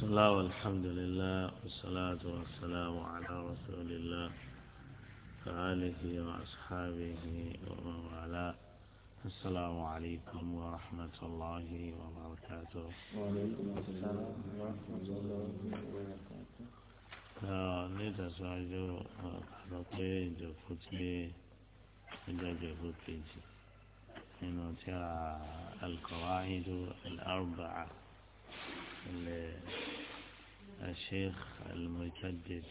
بسم الله والحمد لله والصلاة والسلام على رسول الله وآله وأصحابه ومن والاه السلام عليكم ورحمة الله وبركاته وعليكم السلام ورحمة الله وبركاته نتساعد حلقي جفتي إلى جفتي هنا القواعد الأربعة الشيخ المجدد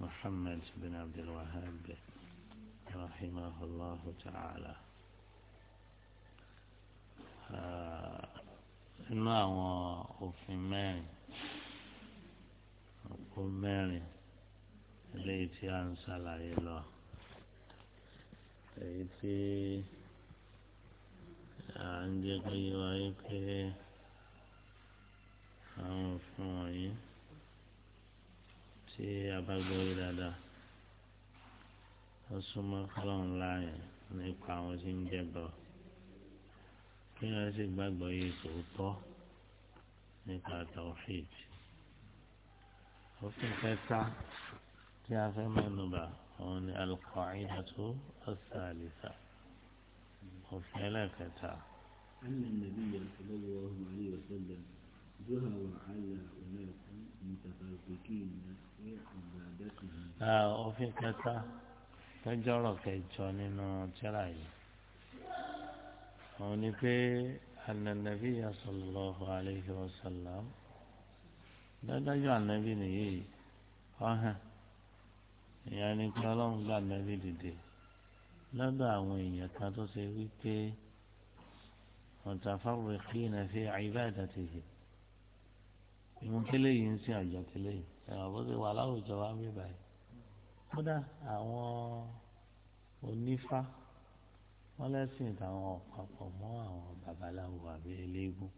محمد بن عبد الوهاب رحمه الله تعالى آه، إنه هو في مالي وفي مالي ليتي أنسى الله إله ليتي عندي قيوة يكيه àwọn nǹkan wọ̀nyí tí a bá gbọ́ yé dáadáa ó súnmọ́ fọlọ́run láàyè nípa àwọn tí ń jẹ́bọ kí wọ́n sì gbàgbọ́ yé tòótọ́ nípa tawhid òfin kẹta tí a fẹ́ mẹ́nuba òun ni alqaidatu as-salisa òfin ẹlẹ́kẹta òfin kẹta tọjọrọ kẹjọ nínú tíra yìí òun ni pé ànànàbí sallallahu alayhi wa sallam dájọ́ ànàbí nìyí ọ̀hán ìyá ni pé ọlọ́run gbà ànàbí dìde lọ́dọ̀ àwọn èèyàn kan tó ṣe wípé mutafarriqina fi ibadatihi ìmú tẹ́lẹ̀ yìí ń sin àjọ tẹ́lẹ̀ yìí ẹ̀wọ̀n bó ṣe wà láwùjọ wa ń bí báyìí kódà àwọn onífá wọn lẹ́sìn táwọn ọ̀pàpọ̀ mọ́ àwọn babaláwo àbí eléégún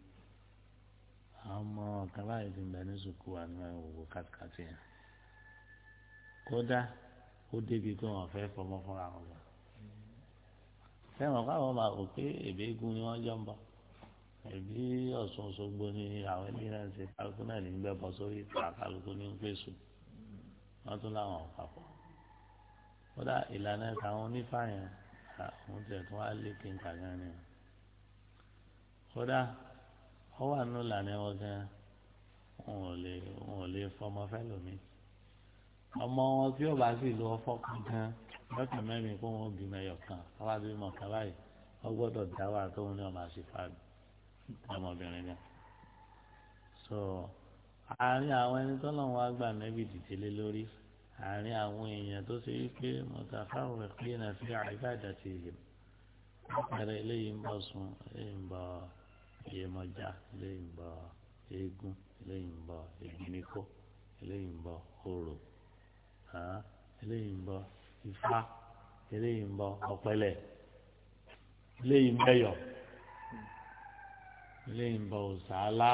àwọn ọmọ ọ̀kan báyìí ti ń bẹ ní sùkú wa ní òwò kàtìkàtì yẹn kódà ó débi pé wọn fẹ́ fọmọ fúnra wọn sẹ́wọ̀n káwọn máa rò pé èbéégún ni wọ́n jọ ń bọ̀ ẹbí Ọ̀ṣun Òṣogbo ni àwọn ẹbí náà ṣe kálukú náà ní gbẹ́bọ sórí ìta kálukú ní pèsè wọ́n tún láwọn papọ̀ kódà ìlànà táwọn onífàyàn àwọn tiẹ̀ tún wá lé kíńkà gan ni kódà ọ wà nínú ìlànà wọn gan wọn ò lè fọmọ fẹ́ lómi ọmọ wọn tí ó bá sì lọ fọkàn kan lọ́kàn mẹ́rin kó wọn bímọ ẹyọ kan wọn bá bímọ kan báyìí wọ́n gbọ́dọ̀ dáwà tóun ní ọmọ àṣìfà mi ọmọbìnrin náà so àárín àwọn ẹni tó náà wá gbà nẹ́bì dìde lé lórí àárín àwọn èèyàn tó ṣe wípé mọ̀tàfáwọn rẹ̀ pé náà fi àríkàdà ti yè àpẹẹrẹ eléyìí ń bọ̀ sun eléyìí ń bọ̀ ìyèmọ̀já eléyìí ń bọ̀ eégún eléyìí ń bọ̀ ègbìníkó eléyìí ń bọ̀ orò eléyìí ń bọ̀ ifá eléyìí ń bọ̀ ọ̀pẹ̀lẹ̀ eléyìí ń bẹ̀yọ̀ ilé ìbọ òsàlá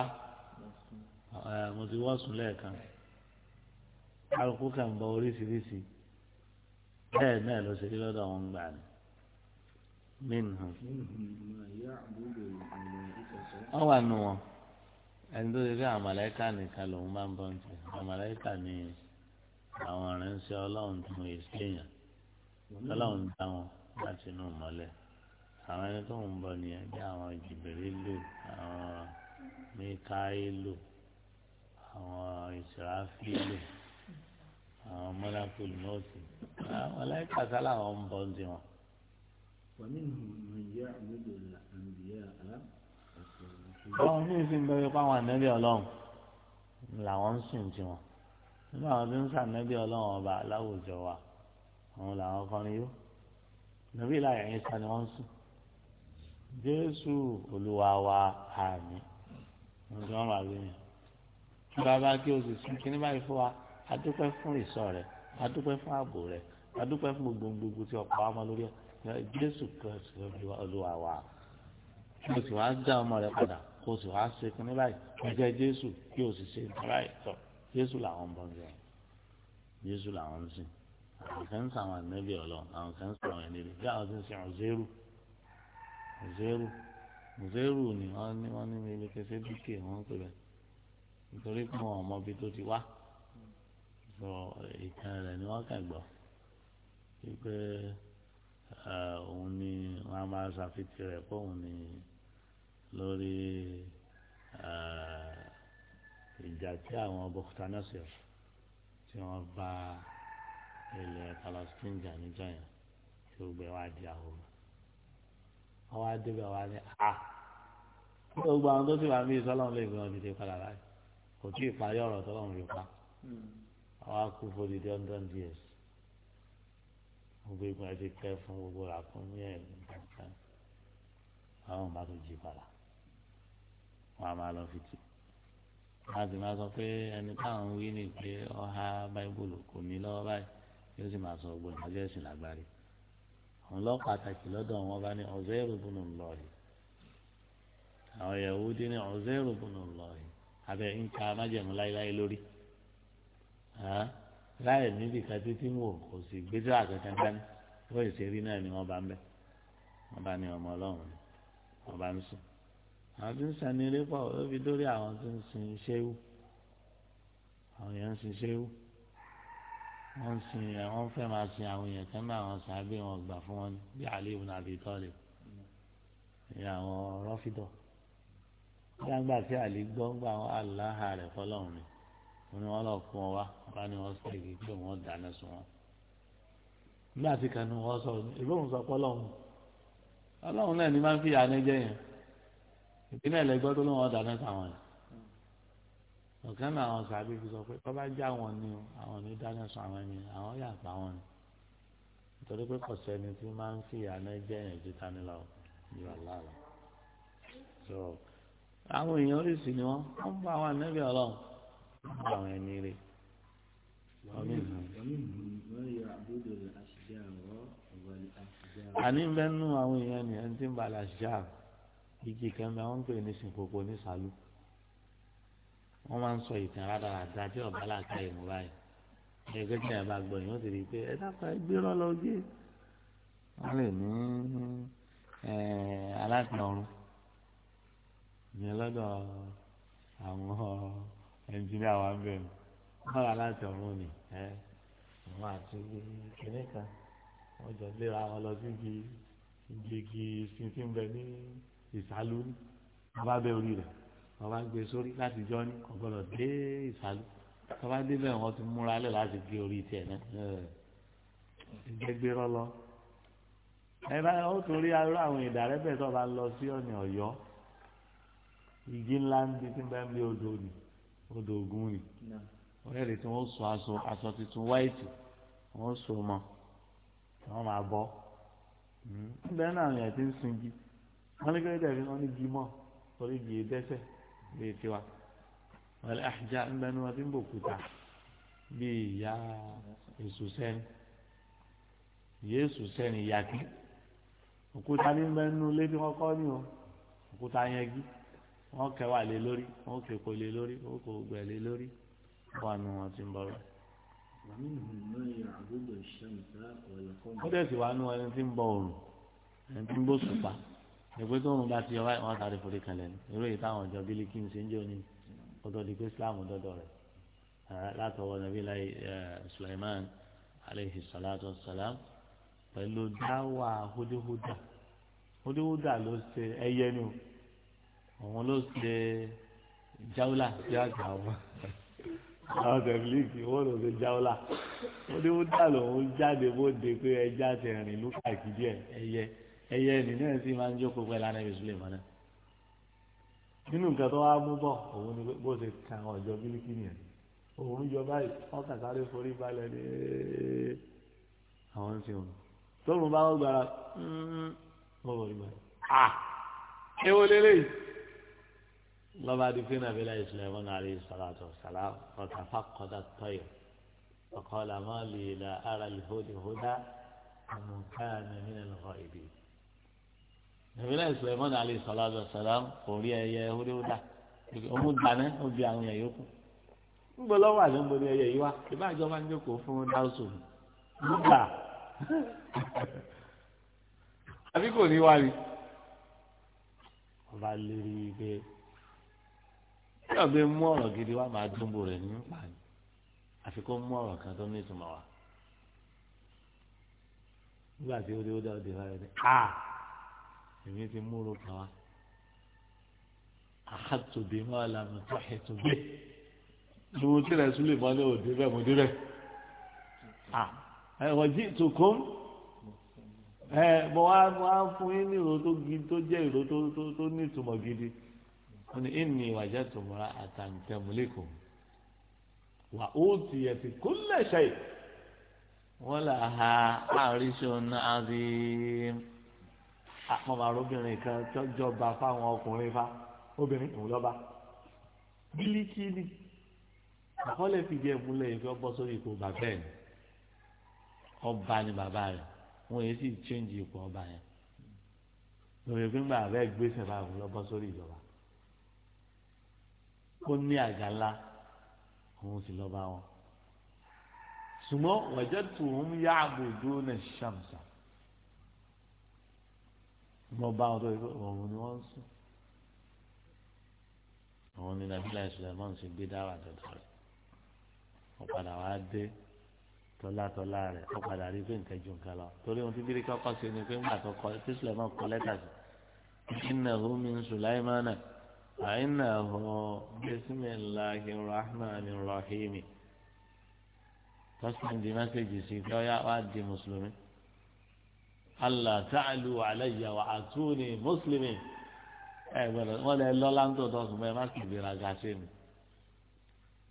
mo ti wọ́sùn lẹ́ẹ̀kan alùpùpù kan bọ oríṣiríṣi bẹ́ẹ̀ náà ló ṣe rí lọ́dọ̀ àwọn gbà ni minhum ọ wà nù wọn ẹni tó ṣe pé àmàlẹ́kà nìkan lòun máa ń bọ́ ní tẹ̀ àmàlẹ́kà ni àwọn arìnrìn sí ọlọ́run tó ń ṣe èèyàn ọlọ́run dá wọn láti inú mọ́lẹ̀ àwọn ẹni tó ń bọ̀ nìyẹn bí àwọn jìbìrìlù àwọn mikaelu àwọn ìsirafílù àwọn mọ́lákùl nọ́ọ̀tì àwọn aláìkàsá làwọn ń bọ̀ ní wọn. bọ́n ní ìsìn bẹ́ẹ̀ pa àwọn ànábì ọlọ́run làwọn ń sìn tí wọn nínú àwọn tí ń sàn ànábì ọlọ́run ọba láwùjọ wa àwọn làwọn kọrin yó nàbí ìlà ẹ̀yìn sani wọ́n ń sìn jésù olúwa wa àmì ǹjẹ́ wọn wà lóyún kí bàbá kí o sì sún kí ní báyìí fún wa adúpẹ́ fún ìṣọ́ rẹ adúpẹ́ fún ààbò rẹ adúpẹ́ fún gbogbogbò tí ọ̀pọ̀ wa mọ lórí ẹ jésù kristu olúwa wa kí o sì wá já ọmọ rẹ padà kí o sì wá ṣe kí ní báyìí ǹjẹ́ jésù kí o sì ṣe ìtura ìtọ́ jésù làwọn bọ̀ ń bẹ̀ jésù làwọn ń sìn àwọn kan ń sàwọn ànábì ọlọ́run àwọn kan ń sàwọn ẹni rẹ bí àwọn zero, zero ni wọ́n ní wọ́n ní ilé kẹsẹ́ dúkè wọ́n pè bẹ́ẹ̀ nítorí pé ọmọ ibi tó ti wá sọ ìtàn rẹ̀ ni wọ́n kàn gbọ́ wípé òun ni wọ́n á máa ṣàfitì rẹ̀ pé òun ni lórí ìjà tí àwọn bọ́kútà náà ṣe tí wọ́n bá ilẹ̀ Palestine jà níjọ́ yẹn tí ó gbé wá di àwọn àwọn adébẹ̀ wa ni a gbogbo àwọn tó sì wà níbi sọlọ́run lè gbọ́n dìde padà láyé kò tí ì parí ọ̀rọ̀ sọlọ́run fi pa àwọn akú fòdì dé ọ̀ndọ̀n díẹ̀s gbogbo ìgbà ti kẹ́ fún gbogbo ràkúnmí ẹ̀ nǹkan àwọn bá tó jí padà wọn a máa lọ fi tì a sì máa sọ pé ẹni táwọn wí ni pé ọha báíbùlù kò ní lọ́wọ́ báyìí yóò sì máa sọ gbogbo ìdájọ́ ẹ̀sìn lágbárí àwọn lọ pàtàkì lọ́dọ̀ wọn bá ní Uzairu ibn Allah àwọn Yahudi ní Uzairu ibn Allah abẹ nǹka májẹ̀mú láéláé lórí láì níbi ká títí wò kò sì gbèsè àkẹ́kẹ́ dání wọ́n èsì rí náà ni wọ́n bá ń bẹ̀ wọ́n bá ní ọmọ ọlọ́run wọ́n bá ń sùn àwọn tí ń sanni rí pọ̀ ó àwọn tí ń sin iṣẹ́ àwọn yẹn ń sin iṣẹ́ wọ́n ń sin àwọn fẹ́ máa sin àwọn èèyàn kan náà àwọn sàábé wọn gbà fún wọn bí Ali ibn Abi Talib ìyá àwọn rọ́fìdọ̀ gbàgbà tí Ali gbọ́ gbà wọn aláha rẹ̀ fọlọ́run ni wọn ni wọn lọ kún ọ wá wọn ni wọn sọ èyí pé wọn dáná sun wọn nígbà tí kanu wọn sọ ìlóhùn sọ pọlọ́hùn ọlọ́hùn náà ni máa ń fi àánú jẹ yẹn ìpínlẹ̀ lẹ́gbọ́ tó lóun ọ̀dà náà sàwọn yẹn ọ̀kan náà àwọn sàbí fi sọ pé tọ́ba jẹ́ àwọn ni àwọn ní dáná sun àwọn ẹni àwọn yà pa wọn ni nítorí pé kò sẹ́ni tí máa ń fi àná jẹ́ ẹ̀yìn tí tani lọ yọ aláàlá so àwọn èèyàn oríṣi ni wọ́n wọ́n bá àwọn ànábì ọlọ́run wọ́n bá àwọn ẹni rè àní bẹ́ẹ̀ nú àwọn èèyàn ni ẹni tí ń balẹ̀ àṣìṣe àrùn igi kan wọ́n ń pè ní sìnkòkò ní sàlù wọ́n máa ń sọ ìtàn rádaràda tí ọ̀bá làkà ìmú báyìí ní ẹgbẹ́ tí ẹ̀ bá gbọ́ yìí wọ́n ti rí i pé ẹ dákọ̀ ẹ gbé rọ́ọ̀lọ́ wọ́n lè ní aláàfin ọ̀run ìyẹn lọ́dọ̀ àwọn ẹnjìníà wa ń bẹ̀rù wọ́n rà aláàfin ọ̀run ni ẹ wọ́n àti kìnìún kan wọ́n jọ léra wọn lọ síbi igi igi tuntun bẹ ní ìsálú ní abábẹ́ orí rẹ̀ wọ́n bá gbé sórí láti jọ ní ọ̀gbọ́dọ̀ dé ìsàlẹ̀ wọ́n bá débẹ̀ wọ́n ti múra lẹ̀ láti gé orí tiẹ̀ náà ìgbẹ́gbẹ́ rọ́lọ́ ẹ bá ó torí arú àwọn ìdàrẹ́bẹ̀ tó bá lọ sí ọ̀nà ọ̀yọ́ igi ńlá ń di tí ń bá ń lé odò ni odò ògùn ni ọ̀rẹ́ rẹ̀ tí wọ́n sọ aṣọ aṣọ tuntun wáìtì wọ́n sọ mọ́ wọ́n máa bọ́ hmm. bẹ́ẹ̀ náà àwọn ti ń sunjú wọ́n ní kí wọ́n dẹ̀ fi wọ́n ní gímọ̀ torí gèé dẹ́sẹ̀ bíi tiwa wọ́n àjà ń bẹnu wọn tí ń bò kúta bíi ìyá èso sẹ́ni ìyá èso sẹ́ni ìyá kí òkúta ní bẹnu lé bí wọ́n kọ́ ni o òkúta yẹn gí wọ́n lé lórí wọ́n kéko lé lórí wọ́n kò gbẹ lé lórí wọ́n àná wọn ti ń bọ̀rọ̀ ó dẹ̀ sì wá nú ẹni tí ń bọ òrùn ẹni tí ń bọ sùpà ìpè tó ń bá ti ọba wọn sáré forí kanlẹ̀ ní irú èyí táwọn ọjọ́ bílí kí n ṣe ń jẹ́ òní ọdọ di pé islam dọ́dọ̀ rẹ̀ látọwọ́ nàbí láì Sulaiman aleyhi salatu salam pẹ̀lú dáwà húdíhúdà húdíhúdà ló ṣe ẹyẹ ni o òun ló ṣe jáwúlà sí àgbà wọn àwọn tẹ̀lifí wọn ló ṣe jáwúlà húdíhúdà lòun jáde bó de pé ẹja ti rìn lùkàkì díẹ̀ ẹyẹ ẹyẹ ẹni náà sì máa ń jókòó pẹ̀lú anabi suleiman náà nínú nǹkan tó wá mú bọ̀ òun ni bó ṣe kan ọ̀jọ́ bíríkì nìyẹn òun yọ báyìí wọn kà sáré forí balẹ̀ ní àwọn ń ṣe òun tóun bá wọn gbára wọn wọlé gbára ah ewo lélẹ́yìí lọ́ba di fún nàbẹ́lá ìsìlẹ̀mọ́ náà rí sàlátọ̀ sàlá ọ̀tàfà kọ́dà tọ́yọ̀ ọ̀kọ́ làmọ́ lè la ara lè hóde hódà àmọ́ káà nàmínà lọ́kọ̀ ìbí. nàbílẹ̀ Sulaiman alayhi salatu wa salam kò rí ẹyẹ húdíhúdà ọmú dáná ó bí àwọn ẹ̀yọ́ kù ńgbọ́ lọ́wọ́ àlọ́ ń borí ẹyẹ yìí wá ìbá ń fún dáhùsùn nígbà ọba lérí pé bí ọbẹ̀ mú ọ̀rọ̀ gidi wá máa rẹ̀ nípa ni àfi kó mú ọ̀rọ̀ kan tó ní ìtumọ̀ wá nígbà tí èmi ti múro kà wá àhàtòbí mọ́ àlànà tó àhẹtòbí lówó tí rẹ̀ súlè mọ́ ní òde bẹ́ẹ̀ mo dé bẹ́ẹ̀ à ẹ̀wọ̀n jí tòkó ẹ̀ mo wá mo wá fún yín ní ìró tó gidi tó jẹ́ ìró tó tó tó ní ìtumọ̀ gidi wọ́n ní ìní ìwàjẹ́ tòmọ́ra àtàǹtẹ̀mùlẹ́kọ̀ọ́ wà ó ti yẹ ti kó lẹ́sẹ̀ yìí là ha àrísọ̀ náà rí i àwọn bàrà obìnrin kan jọba fáwọn ọkùnrin fa obìnrin òun lọ́ba bílíkì ni àkọọ́lẹ̀ fìdí ẹ̀ múlẹ̀ yìí fi ọbọ̀ sórí ipò bàbá ẹ̀ ọba ni bàbá rẹ̀ wọn yìí sì chẹ́ǹjì ipò ọba yẹn lórí pé ńgbà bẹ́ẹ̀ gbèsè báyìí òun lọ́bọ̀ sórí ìjọba ó ní àga ńlá òun sì lọ́ba wọn ṣùgbọ́n wàjẹ́ tù ń yá àbòdó náà ṣàmùsà mo bá wọn tó yẹ kó òun ni wọ́n ń sùn àwọn ní nàbílà ìsúlẹ̀mọ́n ṣe gbé dáwà tọ̀tọ̀ rẹ̀ wọ́n padà wá dé tọ́látọ́lá rẹ̀ wọ́n padà rí pé nǹkan ju nǹkan lọ torí ohun tí bíríkì ọkọ̀ ṣe ni pé ńgbà tó kọ tí ìsúlẹ̀mọ́n kọ lẹ́tà sí innahu min sulaimana wa innahu bismillahir rahmanir rahim tọ́sán di mẹ́sẹ̀gì sí kí ọ yá wá di mùsùlùmí allah ta'alu alayya wa atuni mùsùlùmí ẹ gbọ́dọ̀ wọn lè lọ láńtò tó sùn mọ ẹ má sì gbéra ga sí mi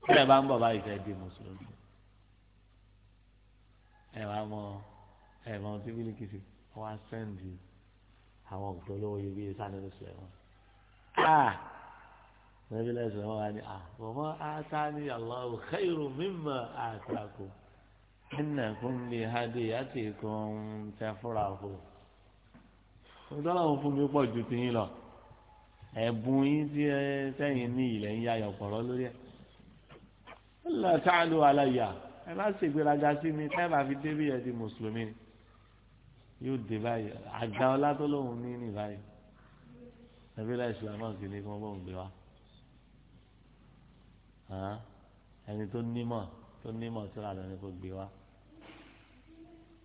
kí ẹ bá ń bọ̀ báyìí fẹ́ di mùsùlùmí ẹ wàá mọ ẹ mọ tí bílíkì sí wọn á sẹ́ǹdì àwọn ọ̀dọ́ lọ́wọ́ yẹ bí ẹ sáré lọ́sọ̀ ẹ̀ wọn nàbí lẹ́sìn wọn wá ní à ah, bọ̀mọ́ ata ni Allahu khairu mimma atakum. إنكم بهديتكم تفرحون ọdọ́làwọn fún mi pọ̀ ju tiyín lọ ẹ̀bùn yín tí ẹ sẹ́yìn ní ilẹ̀ ń yayọ̀ pọ̀rọ̀ lórí ẹ̀ ńlá táàlù aláya ẹ má ṣègbéraga sí mi táìbà fi débí ẹ di mùsùlùmí yóò dé báyìí àga ọlá tó lóun ní ní báyìí ẹbí láì sùlá náà sì ní kí wọ́n bọ̀ ń gbé wa ẹni tó nímọ̀ tó nímọ̀ tó rà lọ ní kó gbé wa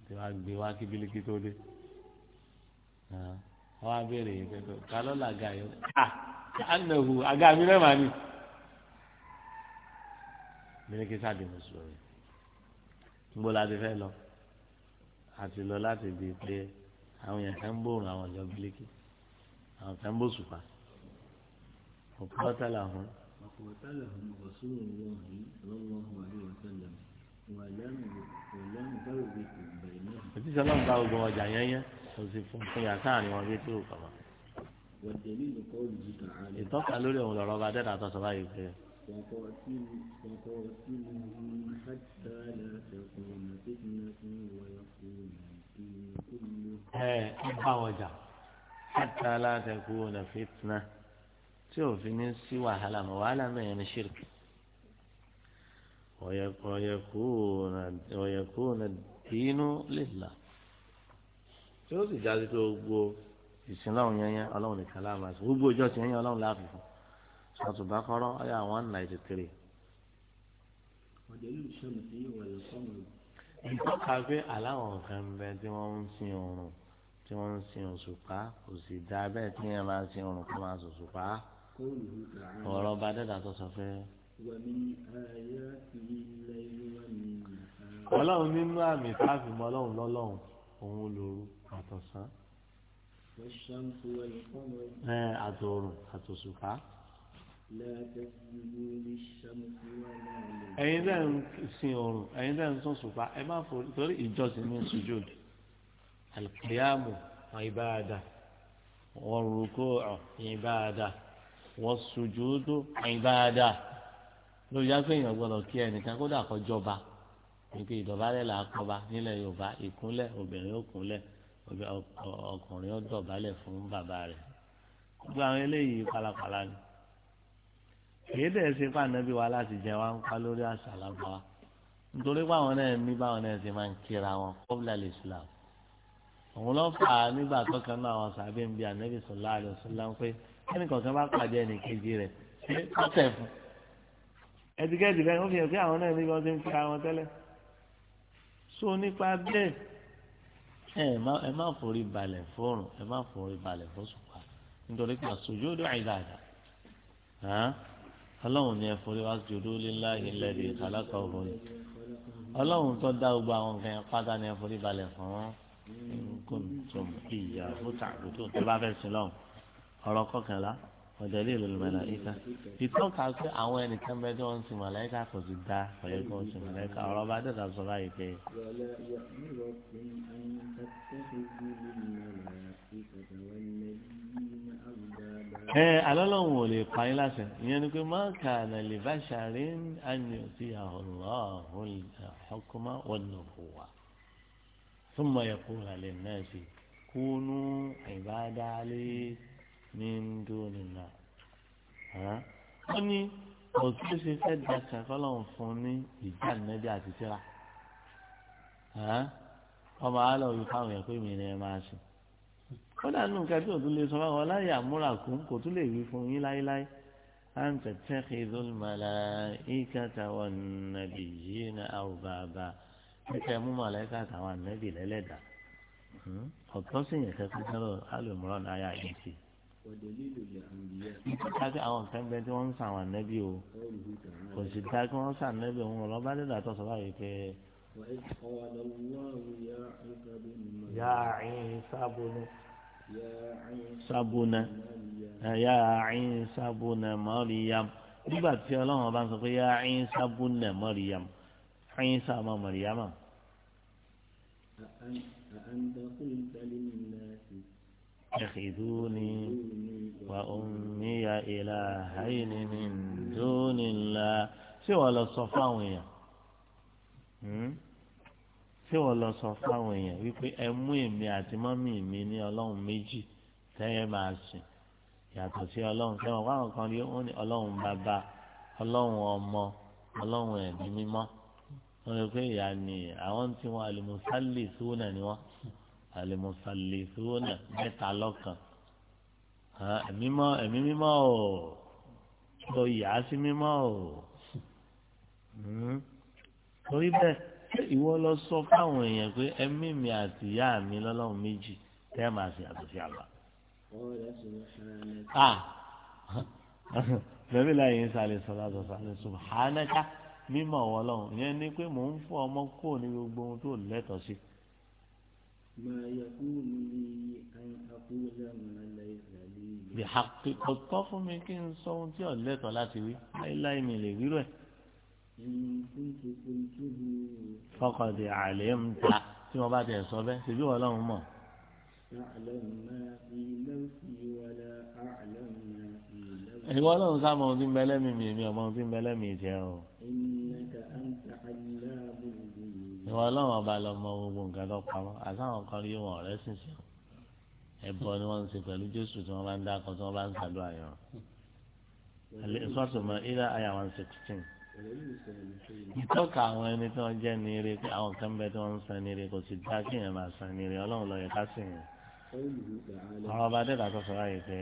tí wàá gbé wá kí bílíkì tó dé wọ́n á béèrè yìí pẹ́tọ́ ká ló là ga yìí à ànàhù àga mi náà mà ní. bílíkì sáàdì mùsùlùmí níbo la ti fẹ́ lọ àti lọ láti di pé àwọn èèyàn kan ń bòrùn àwọn ọ̀jọ́ bílíkì àwọn kan ń bò sùpà òkú ọ̀tá làwọn. ọ̀pọ̀ ọ̀tá làwọn ọ̀sùn òun wọ̀nyí lọ́wọ́ àwọn àdéhùn sẹ́lẹ̀ mi òtí sọlá ń bá ogun ọjà yẹnyẹn kò sì fún fún yàtá àní wọn bí tí ò kọ̀ọ̀mọ́. ìtọ́ka lórí òun lọ́rọ́ bá dẹ́ta tó sọ báyìí pé. ẹ ẹ bá wọn jà hàtà látẹkù ọ̀nà fìtínà tí òfin ní sí wàhálà mọ̀ wàhálà mẹ́rin ní ṣírkì. ويكون الدين لله tí ó sì jáde tó gbogbo ìsìn láwọn yẹnyẹn ọlọ́run nìkan láàmú àti gbogbo ìjọ ti yẹnyẹn ọlọ́run láàfin fún ṣàtúbà kọ́rọ́ ọ̀yà one ninety three. ìtọ́ka pé aláwọ̀ nǹkan bẹ tí wọ́n ń sin oòrùn tí wọ́n ń sin òṣùpá kò sì dá bẹ́ẹ̀ tí yẹn máa ń sin oòrùn kó máa sòṣùpá ọ̀rọ̀ bá dẹ́dà tó sọ fẹ́ẹ́ ọlọ́run nínú àmì káàfin mọ́ ọlọ́run lọ́lọ́run òun lòru àtọ̀sán àtòrùn àtòṣùpá. ẹ̀yin dẹ́ ń sin oòrùn ẹ̀yin dẹ́ ń sún ṣùpá ẹ má fò torí ìjọsìn ní sujud alqiyamu ibada wal ruku'u ibada was sujudu ibada ló yá pé èèyàn gbọ́dọ̀ kí ẹnìkan kódà kó jọba nípa ìdọ̀bálẹ̀ là á kọba nílẹ̀ yorùbá ìkúnlẹ̀ obìnrin ó kúnlẹ̀ ọkùnrin ó dọ̀bálẹ̀ fún bàbá rẹ̀ gbogbo àwọn eléyìí pálapàla ni kìí dẹ̀ ṣe fànàbí wa láti jẹ wá ń pa lórí àṣà lágbára nítorí báwọn náà ní báwọn náà ṣe máa ń kíra wọn kọ́bílà lè islam òun ló fà á nígbà tó kan náà àwọn sàbẹ̀ ń bi ànábì sallallahu alaihi wasallam pé ẹnì kọ̀ọ̀kan bá pàdé ẹnì kejì rẹ̀ ṣé kọ́tẹ̀ fún un ẹtikẹ́tì bẹ́ẹ̀ wọ́n fi hàn pé àwọn náà ní wọ́n ti ń fi ara wọn tẹ́lẹ̀ so nípa bẹ́ẹ̀ ẹ má forí balẹ̀ fọ́rùn ẹ má forí balẹ̀ fọ́sùpá nítorí pé àsojúdó àìdáàdà ọlọ́run ni ẹ forí wá jòdó lílá ilẹ̀ di ìkàlákà òbòyìn ọlọ́run tó dá gbogbo àwọn nǹkan yẹn pátá ni ẹ forí balẹ̀ fún nǹkan tó ìyá fún tàbí tó bá fẹ́ sí lọ́hùn ọ̀rọ̀ kọkànlá ودليل الملائكة يتوقع في أوان كم بدون في ملائكة فزدا ويكون في ملائكة أو بعد ذلك صلاة ولا يأمركم أن تتخذوا الملائكة والنبيين أربابا إيه على لهم ولي قايلة يعني ما كان لبشر أن يؤتيه الله الحكم والنبوة ثم يقول للناس كونوا عبادا لي ní ndóòlìlà ó ní òtún ṣe fẹ́ da kàkọ́lọ́hún fún ní ìjà nẹ́bí àti tíra ọmọ àlọ́ yìí fáwọn yẹn pé mi ni ẹ máa ṣe kódà nù nǹkan tí òtún lè sọ fáwọn ọláyà múra kún kò tún lè wí fún yín láéláé à ń tẹ̀tẹ̀ kí lólùmọ̀lá ìkàtà wọn nàbì yìí ní àwòbàbà ìtàkì àwọn nǹkan bẹ tí wọ́n ń sàn àwọn ànábì o kò sì dá kí wọ́n sàn ànábì òun ọ̀rọ̀ bá dídà tó sọ báyìí pé. yà àyìn sábúnú sábúnú yà àyìn sábúnú mọ́ríyàm nígbà tí ọlọ́run bá ń sọ pé yà àyìn sábúnú mọ́ríyàm àyìn sábúnú mọ́ríyàm. اتخذوني وأمي إلهين من دون الله سوى الصفاوية. lọ sọ fáwọn èèyàn hmm? ṣé wọ́n lọ sọ fáwọn èèyàn wípé ẹ mú èmi àti mọ́mì mi ní ọlọ́run méjì tẹ́yẹ máa sìn yàtọ̀ sí ọlọ́run tẹ́wọ̀n fáwọn kan rí wọ́n ní ọlọ́run bàbá ọlọ́run ọmọ ọlọ́run ẹ̀mí mímọ́ wọ́n rí pé ìyá ni àwọn tí wọ́n àlùmọ́sálì tó náà ni wọ́n alimusalifuna mẹ́ta lọ́kan ẹ̀mí mímọ́ ẹ̀mí mímọ́ o tó yà á sí mímọ́ o hmm. torí bẹ́ẹ̀ ìwọ lọ sọ fáwọn èèyàn pé ẹ̀mí mi àti ìyá mi lọ́lọ́run méjì tẹ́ ẹ máa ṣe àtúnṣe àgbà. bẹ́ẹ̀ láyé ń sàlẹ̀ sọ̀rọ̀ àtọ̀sàlẹ̀ subhanaka mímọ́ ọ̀wọ́ lọ́hùn ìyẹn ni pé mò ń fọ ọmọ kúrò ní gbogbo ohun tó lẹ́tọ̀ọ́ sí. ما يكون لي بحق ọ̀tọ̀ fún mi kí n sọ ohun tí ọ̀lẹ́tọ̀ láti wí láíláí mi lè wírọ̀ ẹ̀. fọkàndì àlẹ́ ń ta tí wọ́n bá tẹ̀ sọ bẹ́ẹ̀ ṣèbí wọ́n lọ́hùn mọ̀. ìwọ lọ́hùn sáà mọ ohun tí ń bẹ lẹ́mìí mi èmi ọmọ ohun tí ń bẹ lẹ́mìí jẹ́ o ìwọ ọlọ́run ọba lọ mọ gbogbo nǹkan tó pamọ́ àtàwọn kan rí wọn ọ̀rẹ́ sì sí ẹ̀bọ ni wọ́n ń ṣe pẹ̀lú jésù tí wọ́n bá ń dákọ̀ tí wọ́n bá ń ṣàdúrà yẹn ìfọ́sùnmọ́ ilá àyà one sixteen ìtọ́ka àwọn ẹni tí wọ́n jẹ́ ní ire pé àwọn kan bẹ tí wọ́n ń san ní ire kò sì dá kí èèyàn máa san ní ọlọ́run ló yẹ ká sìn yẹn àwọn ọba dẹ́ta tó sọ láyé pé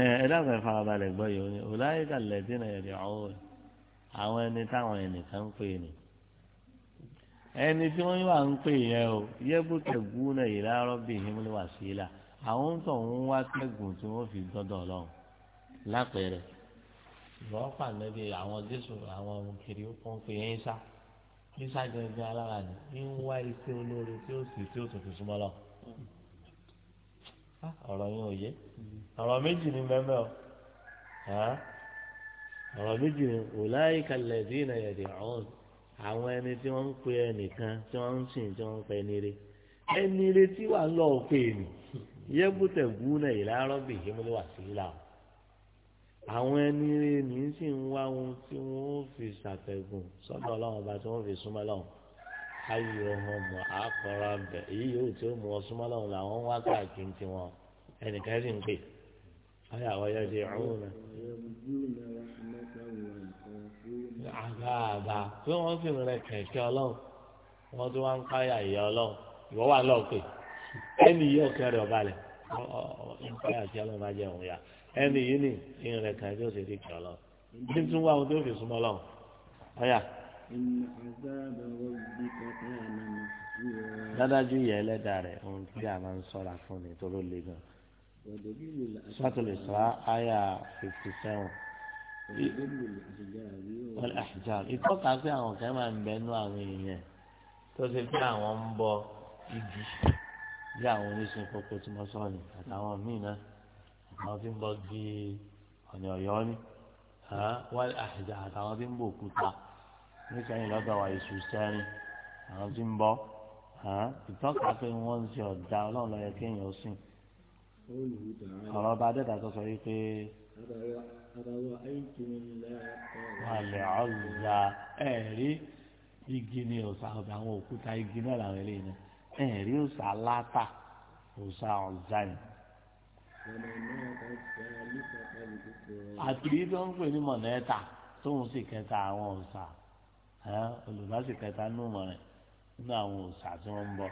ẹ̀ẹ́dàgbẹ́ farabalẹ̀ gbọ́ yìí ó ní ọ̀láyíkà lẹ́dínà ẹ̀dẹ̀ ọ̀hún àwọn ẹni táwọn ẹnìkan ń pè ní. ẹni tí wọ́n wà ń pè yẹn o yẹ́bùtẹ̀ gúnà yìí láàárọ̀ bíi himli wà sí ilà àwọn ń tọ̀ ń wá kẹ́gùn tí wọ́n fi gbọ́dọ̀ ọlọ́run lápẹ̀rẹ̀ ìwọ́n pàǹdẹ́bí àwọn jésù àwọn kiri ó ń pè yẹn sá yín sá gẹ́gẹ́ alára ni ń wá iṣẹ́ olóore tí ó sì tí ó sì súnmọ́ lọ́wọ́ ọ̀rọ̀ yẹn ò yé ọ̀rọ̀ méjì ni mẹ́mẹ́ o ọ̀rọ̀ méjì ni wòláyé kalẹ̀ bí iná yẹ̀dẹ̀ ọ̀hún àwọn ẹni tí wọ́n ń pe ẹnìkan tí wọ́n ń sìn tí wọ́n ń pe ẹni rẹ ẹni rẹ tí wàá lọ òkè ni yẹ́bùtẹ̀ bú náà ìlàrọ̀ bì í mú wá sí ìlà àwọn ẹni rẹ ní sì ń wá ohun tí wọ́n fi ṣàtẹ̀gùn sọ́dọ̀ ọlọ́run ọba tí wọ́n fi súnmọ́ ọlọ́run ayọ̀hún àkọ́rọ̀ abẹ èyí yóò tí ó mú ọsùn mọ́ lọ́wọ́ làwọn wá káàkiri tiwọn ẹnìkan sì ń pè ayé àwọn yẹn ti ọ̀hún náà. àgbààgbà pé wọ́n sì ń kẹ̀kẹ́ ọlọ́run wọ́n tún wá ń káyà ìyá ọlọ́run ìwọ́ wà lọ́ọ̀ pé ẹnì yìí ọ̀kẹ́ rẹ̀ ọ̀bà rẹ̀ ń káyà tí ọlọ́run bá jẹ́ òun yá ẹnì yìí nì ń rẹ kẹ̀kẹ́ ó sì rí kẹ̀ ọlọ́run dádájú yẹ ẹlẹ́dàá rẹ̀ ohun tí a máa ń sọ́ra fún ni tó ló le gan. sọ́tòlè sọ́ àyà fifty seven. wọ́n àjà ìtọ́ka pé àwọn kan máa ń bẹnu àwọn èèyàn tó ṣe pé àwọn ń bọ igi bí àwọn oníṣun kókó tí mo sọ ni àtàwọn míì náà àtàwọn tí ń bọ gbé ọ̀nà ọ̀yọ́ ni wọ́n àjà àtàwọn tí ń bọ òkúta nísìnyí lọ́dọ̀ èṣù sẹ́rin àwọn tí ń bọ́ ìtọ́ka pé wọ́n ń ṣe ọ̀dà ọlọ́run ló yẹ kéèyàn ó sìn ọ̀rọ̀ ọba adẹ́ta tó sọ wípé wàlẹ̀ ọ̀là ẹ̀rí igi ni ọ̀sà ọ̀dà àwọn òkúta igi náà làwọn eléyìí náà ẹ̀rí ọ̀sà látà ọ̀sà ọ̀zà yìí àti tó ń pè ní mọ̀nẹ́ta tóun sì kẹta àwọn ọ̀sà olùdásí kẹta nù mọ rẹ nínú àwọn òòsà tí wọn ń bọ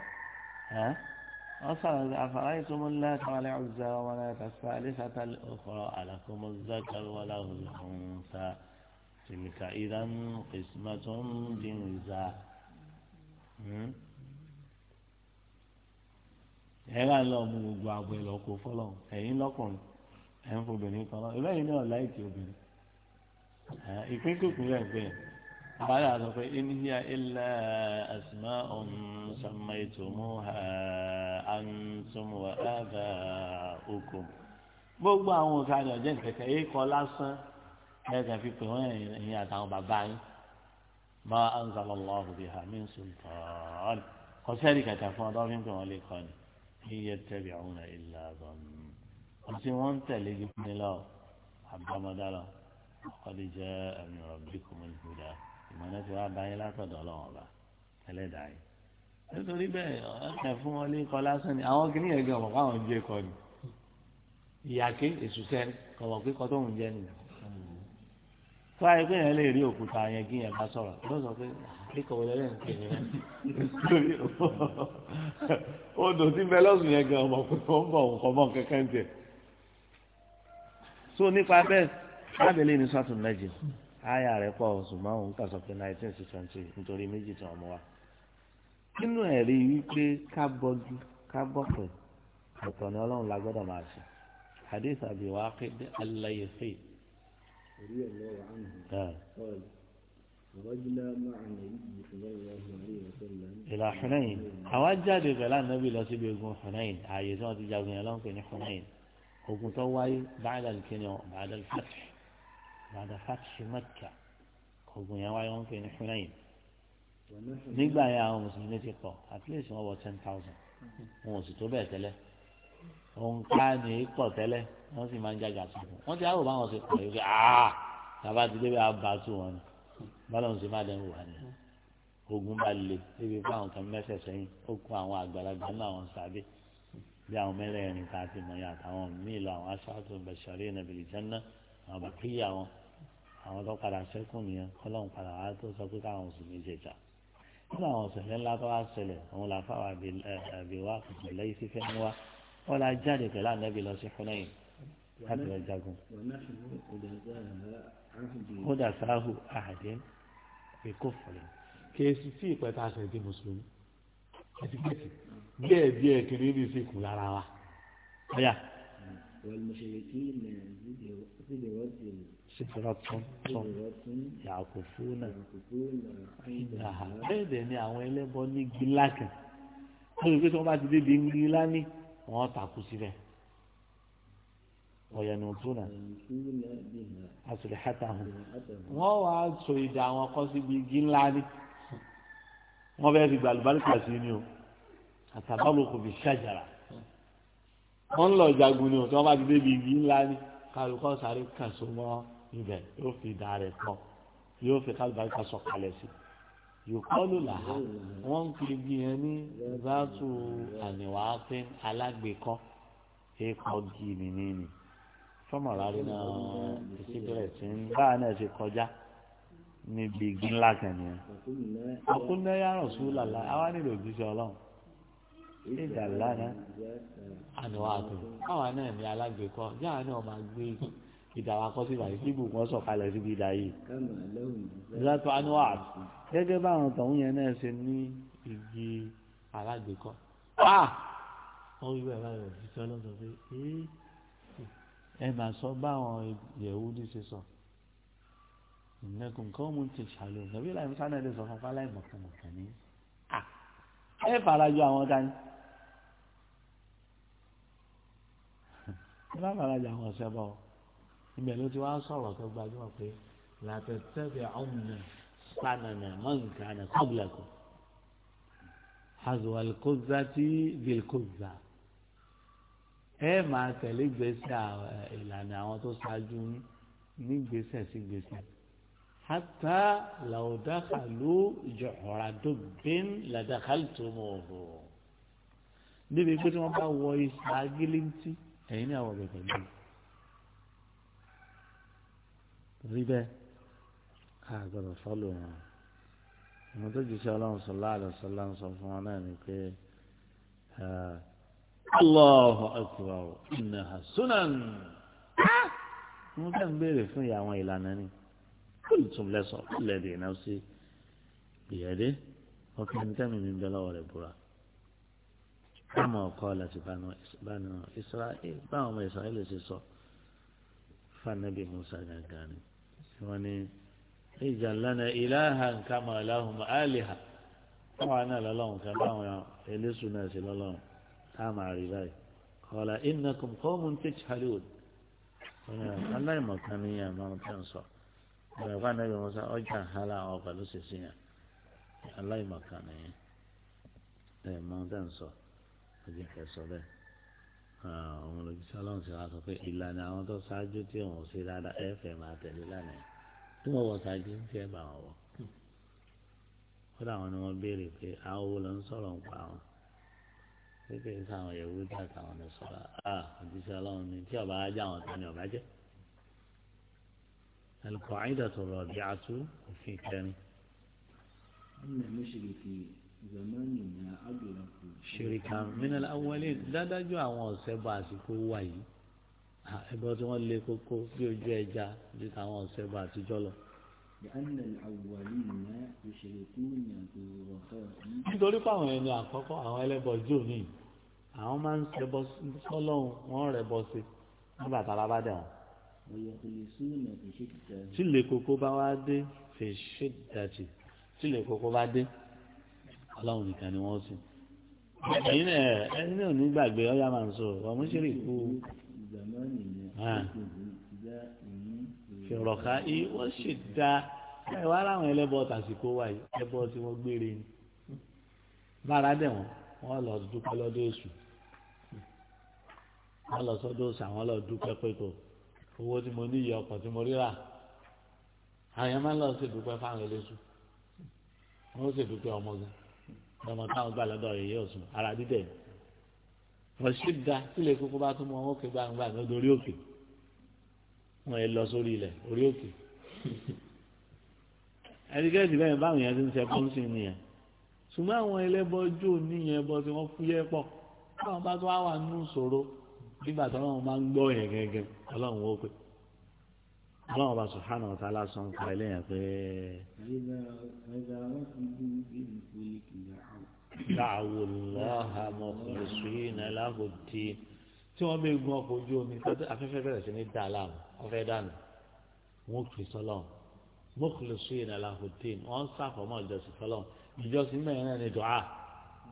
wọn sàlàyé àfàlàyé tó mú lẹ́tà wọn lẹ́yìn ọ̀zẹ́ wọn lẹ́yìn tàṣà àlẹ́sàtà ọkọ̀rọ̀ àlàkùnmọ́ zákàrú wọn lẹ́hùn lọ́hùn ta tìlìkà ìdánù ìsìnmá tó ń dín ìzà ẹ bá lọ mú gbogbo abo ẹ lọ kó lọ́kùnrin ẹ ń fobìnrin kan lọ ìbẹ́yìn náà láìkì obìnrin ìpínkùnkùn rẹ̀ bẹ́ẹ̀. بعد هذا إن هي إلا أسماء سميتموها أنتم وآباؤكم gbogbo àwọn òkè àjọ jẹ́ kẹ̀kẹ́ yìí kọ́ lásán ẹ̀ka fi pè wọ́n ẹ̀yìn àtàwọn bàbá yín bá anzalallahu biha min sultan kò sẹ́ẹ̀rì kẹ̀kẹ́ fún ọdọ́ fi ń pè wọ́n lè kọ́ ni iye tẹ̀bi àwọn ilà àbọ̀mù ọtí wọ́n ń tẹ̀lé gígùn nílọ àbámọ́dá lọ ọkọ̀ lè jẹ́ ẹ̀mí rọ̀bì kùmùlùmùdá. ìmọ̀nà tí wàá bá yín látọ̀dọ̀ ọlọ́run ọba ẹlẹ́dàá yìí nítorí bẹ́ẹ̀ ẹ̀ fún wọn lékọ lásán ni àwọn kìnìún yẹn gan ọ̀pọ̀ àwọn jẹ́ ẹ̀kọ́ ni ìyàké èsùsẹ́ kọ̀wọ̀ pé kọ́ tó ń jẹ́ nìyẹn tó ayé pé yẹn lè rí òkúta yẹn kí yẹn bá sọ̀rọ̀ ló sọ pé kíkọ̀ ah, wọlé lẹ́yìn yẹn odò tí mẹlọ́sùn yẹn gan ọmọ pé àyà rẹ̀ pọ̀ ṣùgbọ́n òun kà sọ pé nineteen sí twenty nítorí méjì tí wọ́n mú wa. nínú ẹ̀rí wípé ká bọ́jú ká bọ́pẹ̀ ọ̀pọ̀ ni ọlọ́run la gbọ́dọ̀ máa ṣe hadith Abi Waqid al-Laythi. رضي الله عنه قال رجلا مع النبي صلى الله عليه وسلم إلى حنين أوجد بلا النبي لا سيبقون حنين عايزون تجاوزين لهم كن حنين وكنت واي بعد الكنيو بعد الفتح بعد فتح مكة ogun yẹn wáyé wọn pè ní Hunayn nígbà yẹn àwọn mùsùlùmí ti pọ̀ at least wọ́n wọ ten thousand wọn ò sì tó bẹ́ẹ̀ tẹ́lẹ̀ òun ká ní pọ̀ tẹ́lẹ̀ wọ́n sì máa ń jága sí wọn wọ́n ti á wò báwọn ṣe pọ̀ yìí pé aah bàbá ti débi abàtú wọn ni bọ́lá ń ṣe má dẹ́nu wà ní ogun bá le débi pé àwọn kan mẹ́sẹ̀ sẹ́yìn ó kó àwọn àgbàlagbà náà àwọn sàbẹ̀ bí àwọn mẹ́rẹ̀ẹ̀rin tá a ti mọ̀ yàtọ̀ àwọn míì lọ àwọn aṣáájú bẹ̀ṣọ̀rí nàbìlì jẹ́ńnà àwọn bàkíyà wọn àwọn tó padà sẹ́kùn nìyẹn kọ́lọ́n padà wá tó sọ pé káwọn oṣù méje jà nínú àwọn ọ̀sẹ̀lẹ̀ ńlá tó wá ṣẹlẹ̀ òun là fáwọn àbíwá kùtù lẹ́yìn fífẹ́ ń wá wọ́n la jáde pẹ̀lú ànábì lọ sí fúnẹ́yìn láti lọ jagun. kódà sáhù àhàdé èkó fọlẹ̀. kéésì tí ìpẹ́ta ṣe di mùsùlùmí ẹ̀sìkẹ́sì díẹ̀ díẹ̀ kiri ní ìsìnkú lára wa. ọ̀yà. wọ́n mọ̀ sítírọ́tún yàkùfú náà ìdáhà bẹ́ẹ̀ dẹ̀ ni àwọn ẹlẹ́bọ ní gílá kan lórí pé tí wọ́n bá ti débi gílá ní wọ́n takú síbẹ̀ ọ̀yẹ̀nù tó náà àtúlẹ̀ hátàhùn wọ́n wá so ìdá àwọn kan síbi gílá ní wọ́n bẹ́ẹ̀ fi gbàlùbáríkà sí ni o àtàbálò kò fi ṣàjàrà wọ́n lọ jagun ni o tí wọ́n bá ti débi igi ní kálukọ́ sáré kàn so ibẹ̀ yóò fi ìdá rẹ̀ pọ̀ yóò fi kálíbáríkà sọ̀kalẹ̀ sí yòkọ́lù làhá wọ́n ń pè bí yẹn ní zaatu àníwáfín alágbèékọ́ èèkọ́ gì nìní ni fọmọlárí náà ìsíbẹ̀rẹ̀ tí ń bá a náà ṣe kọjá níbi igi ńlá kan nìyẹn ọkùnrin yà rọ̀ sí làlá àwa nílò òjíṣẹ́ ọlọ́run ìjà ńlá náà àníwáfín àwa náà ní alágbèékọ́ jáà náà máa gbé igi ìdá wa kọ́ sí ìbàyí bíbù kan sọ̀kalẹ̀ síbi ìdá yìí. ìdájọ́ anuwar gẹ́gẹ́ báwọn tọ̀hún yẹn náà ṣe ní igi alágbèékọ́. Ah! wọ́n wí bẹ́ẹ̀ báyọ̀ òṣìṣẹ́ ọlọ́sọ pé ẹ mà sọ báwọn yẹ̀wù ní ṣe sọ. ìnẹ́kùn kan mú ti ṣàlò nàbí láì musa náà lè sọ fún fáláì mọ̀kànmọ̀kàn ní. Ah! ẹ farajọ àwọn dání. ẹ má farajọ àwọn ọ̀sẹ̀ bọ̀ ọ́ ibẹ̀ ló ti wá sọ̀rọ̀ tó gbajúmọ̀ pé làtẹ̀tẹ̀bẹ̀ ọ̀nà sànànà mọ̀nkànà kọ́bùlẹ̀kù hazuwalikóza tí vilkóza ẹ máa tẹ̀lé gbèsè ìlànà àwọn tó ṣáájú ní gbèsè sí gbèsè hata làwùdákàlù jọ̀hóradóbin làdàkàlùtòmòhò níbi pé tí wọ́n bá wọ ìsà gílíntì ẹ̀yin ní àwọn bẹ̀rẹ̀ bẹ́ẹ̀ rí bẹ́ẹ̀ a gbọ́dọ̀ fọ́lù wọn àwọn tó jù sí ọlọ́run sọlá àlọ́sọlá ń sọ fún wọn náà ni pé ah, Allahu akbar innaha sunan wọn bẹ́ẹ̀ ń béèrè fún ìyá àwọn ìlànà ni kúlù tún lẹ́sọ̀ lẹ́dí iná sí ìyẹ́dé ọkùnrin tẹ́mi mi bẹ́ lọ́wọ́ rẹ̀ búra káàmù ọkọ láti bánu báwọn ọmọ Israẹli ṣe sọ fún anabi Musa gàgà ni wọ́n ní ìjà lánà ìlàhà nkàmà aláhùn àlìhà káwọn náà lọ́lọ́run kan báwọn eléṣù náà sí lọ́lọ́run táàmà rí báyìí kọ́lá ìnàkùn kọ́ọ̀mùn tí chaliwood aláìmọ̀kan ní àmọ́ tí ń sọ ọ̀rọ̀ ìfá nàbí musa ọjà hàlà àwọn pẹ̀lú sísìn yẹn aláìmọ̀kan ní ẹ̀ tí ń sọ ọjà kẹsọ bẹ́ẹ̀ àwọn ọlọ́run sì wá sọ pé ìlànà àwọn tó ṣáájú tí òun ò sí dáadáa ẹ̀fẹ̀ máa tẹ̀lé lánàá tí mo wọ̀ sàgé ń tiẹ̀ bá wọn wọ̀ kódà àwọn ni wọ́n béèrè pé àwọn wo ń sọ̀rọ̀ ń pa wọn pépè ń sáwọn yẹ̀wò dàtà àwọn ní sọ̀rọ̀ à òjíṣẹ́ ọlọ́run ni tí ọba ajá àwọn tani ọba jẹ́ ẹnìkan àyídà tó rọ̀ bí a tú òfin kẹrin. ṣèrìkà mìíràn àwọn ilé dádájú àwọn ọ̀sẹ̀ bá àsìkò wà yìí ẹbọ tí wọ́n lé kókó bí ojú ẹja ju tàwọn ọ̀sẹ̀ bá àtijọ́ lọ. nítorí pàwọn ẹni àkọ́kọ́ àwọn ẹlẹ́bọ jù ní àwọn máa ń ṣẹbọ sọ́lọ́hún wọ́n rẹ̀ bọ sí nígbà tára bá dẹ̀ wọ́n. tí lè kókó bá wá dé fèsì dàtì tí lè kókó bá dé ọlọ́run nìkan ni wọ́n sìn. ẹ̀yin náà ẹ̀yin ò ní gbàgbé ọ̀yá máa ń sọ ọ̀mùsírì kú. Ah. fìrọ̀ká yìí wọ́n ṣe da ẹ wá láwọn ẹlẹ́bọ tàsíkò wà yìí ẹbọ tí wọ́n gbére ni bára dẹ̀ wọ́n wọ́n lọ dúpẹ́ lọ́dọ̀ èṣù wọ́n lọ sọ́dọ̀ òṣà wọ́n lọ dúpẹ́ pẹ̀tọ́ owó tí mo níyì ọkọ̀ tí mo ríra àwọn yẹn máa ń lọ sí dúpẹ́ fáwọn eléṣù wọ́n sì dúpẹ́ ọmọ gan ọmọ táwọn gbà lọ́dọ̀ yìí yóò sùn ara dídẹ̀ yìí wọ́n ṣe da sílẹ̀ kókó bá tún mọ wọn òkè gbangba ní odò orí òkè wọn yẹ lọ sórí ilẹ̀ orí òkè ẹnikẹ́ni bẹ́ẹ̀ báwọn yẹn ti ń ṣe pọ́ńsì nìyẹn ṣùgbọ́n àwọn ẹlẹ́bọjú níyẹn bọ́ tí wọ́n fúyẹ́ pọ̀ báwọn bá tó wá wà nínú ìṣòro nígbà tí ọlọ́run bá ń gbọ́ yẹn gẹ́gẹ́ ọlọ́run ó pè ọlọ́run bá sùhánà ọ̀tá lásán ń ẹlẹ́yìn pé. ẹ̀dá dàwọ̀ lọ́ha mọ̀kùnrin aláhùtì tí wọ́n bẹ gun ọkọ̀ ojú omi afẹ́fẹ́ bẹ̀rẹ̀ sí ní dà láàmú ọfẹ́ dànù wọn kì í sọlọ́n mọ̀kùnrin aláhùtì wọ́n sàfọ̀mọ́ ìjọsìn fọlọ́n ìjọsìn mẹ́rin náà ni dùá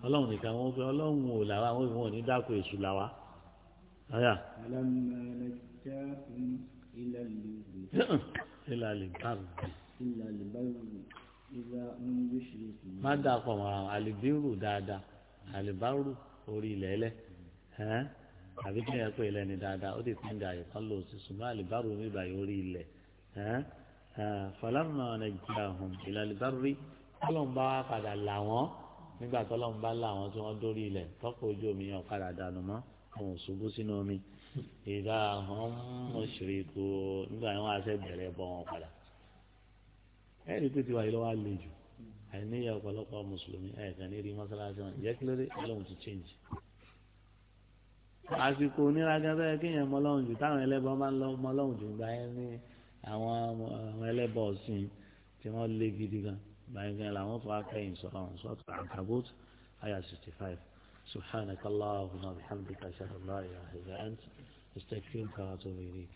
ọlọ́run nìkan wọn fẹ́ ọlọ́run ò làwa wọn ò ní dáko èṣù làwa. ìlàlẹ̀ bá bá rù. ìlà má dà pọ̀ mọ́ àwọn àlìbírù dáadáa àlìbárù orí ilẹ̀ ẹlẹ́ ẹ́n àbí kí ẹ pé ilẹ̀ ni dáadáa ó ti pín dà ìkan lò sí ṣùgbọ́n àlìbárù mi bàyẹ̀ orí ilẹ̀ ẹ́n fọlọ́mọ nàìjíríà hùn ìlà àlìbárù rí tọ́lọ́mbà wa padà là wọ́n nígbà tọ́lọ́mbà là wọ́n tí wọ́n dórí ilẹ̀ tọ́kọ̀ ojú omi yẹn ọ̀kadà dànù mọ́ àwọn òṣùbù sínú omi ìdá àwọn mọ̀ṣẹ̀ríkù àìníyà ọ̀pọ̀lọpọ̀ mùsùlùmí ẹ̀ẹ̀kan ní rí mọ́sálásí wọn ìyẹ́ kí ló dé ọlọ́run ti change. àsìkò oníragan tó yẹ kéèyàn mọ ọlọ́run jù táwọn ẹlẹ́bọ máa ń lọ mọ ọlọ́run jù gba ẹ ní àwọn ẹlẹ́bọ ọ̀sìn tí wọ́n lé gidi gan báyìí gan làwọn fọ akẹ́yìn sọ̀rọ̀ sọ́tù àkàbọ̀t àyà sixty five subhanakallahumma wa bihamdika ashhadu an la ilaha illa anta astaghfiruka wa atubu ilayk.